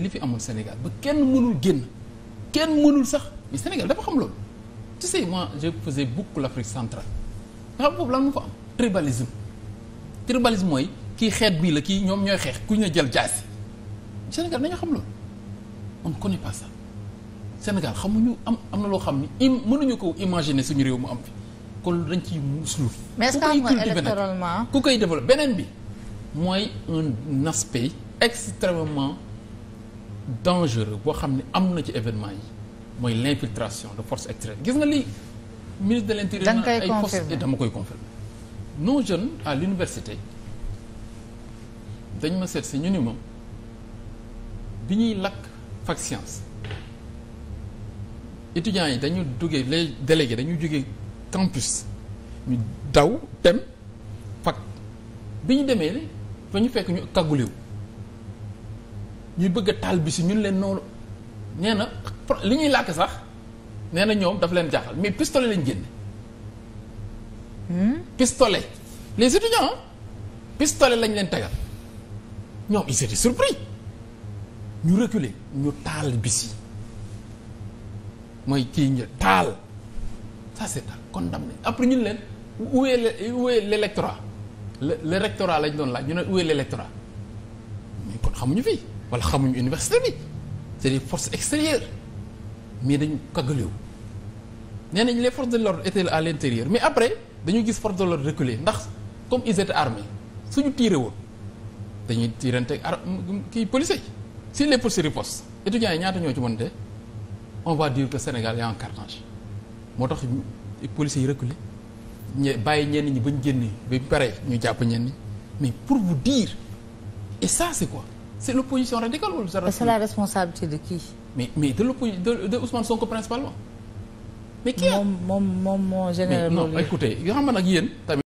li fi amoon Sénégal ba kenn mënul génn kenn mënul sax mais Sénégal dafa xam loolu tu sais moi je faisais beaucoup l'Afrique centrale nga xam foofu lan am mooy kii xeet bii la kii ñoom ñooy xeex ku ñu jël si Sénégal dañoo xam loolu on connaît pas Sénégal xamuñu am am na loo xam ni im mënuñu ko imaginer suñu réew mu am fi kon dañ ci muslu. mais est-ce que électoralement ku koy développé beneen bi mooy un aspect extrêmement dangereux boo xam ne am na ci événement yi mooy l' infiltration de forces extérieures gis nga li ministre de l' intérieur danga koy confirmer dama koy confirmer nos jeunes à l'université dañ ma seet si ñu ni moom bi ñuy lakk fac science étudiants yi dañu duggee les délégués dañu jógee campus ñu daw dem fac bi ñu demee ba ñu fekk ñu kagguliw ñuy bëgg taal bi si ñun leen noonu nee na li ñuy làkk sax nee na ñoom daf leen jaaxal mais pistolet lañ génne. Hmm? pistolet les étudiants lañ leen tegal ñoom ils étaient surpris ñu reculer ñu taal bis yi mooy kii ñu taal ça c'est à condamner après ñun leen où est le où est l'électorat le le rectorat lañ doon laaj ñu ne où est l'électorat kon xamuñu fii wala xamuñu université bi c'est des forces extérieures mais dañu kagalewu nee nañ les forces de l'ordre étaient à l'intérieur mais après dañu gis forces de l'ordre reculer ndax comme ils étaient armés suñu tiire woon dañuy tiirante ar kii policiers yi si les policiers ripostent étudiants yi ñaata ñoo ci mën de on va dire que Sénégal y a un moo tax policiers yi reculer ñu bàyyi ñenn ñi ba ñu génn ba pare ñu jàpp ñenn ñi mais pour bu diir et ça c'est quoi c'est l'opposition radicale wala c'est. c'est la responsabilité de qui. mais mais de l'opposition de de Ousmane Sonko principalement. mais qui moom moom moom moo généré. mais non écoutez yoo xam nag yéen tamit.